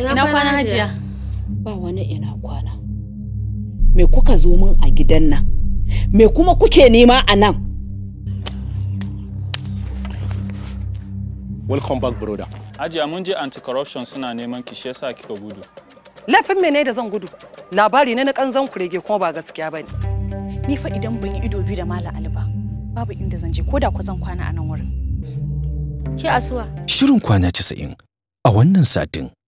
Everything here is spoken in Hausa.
Ina kwana hajiya? Ba wani ina kwana. Me kuka zo min a gidan nan? Me kuma kuke nema a nan? Welcome back brother. Hajiya mun je anti-corruption suna neman ki shi kika gudu. Laifin me ne da zan gudu? Labari ne na kanzan kurege kuma ba gaskiya bane. Ni fa idan ban yi ido biyu da Malam Ali ba, babu inda zan je koda kwa zan kwana a nan wurin. Ke asuwa. Shirin kwana 90 a wannan satin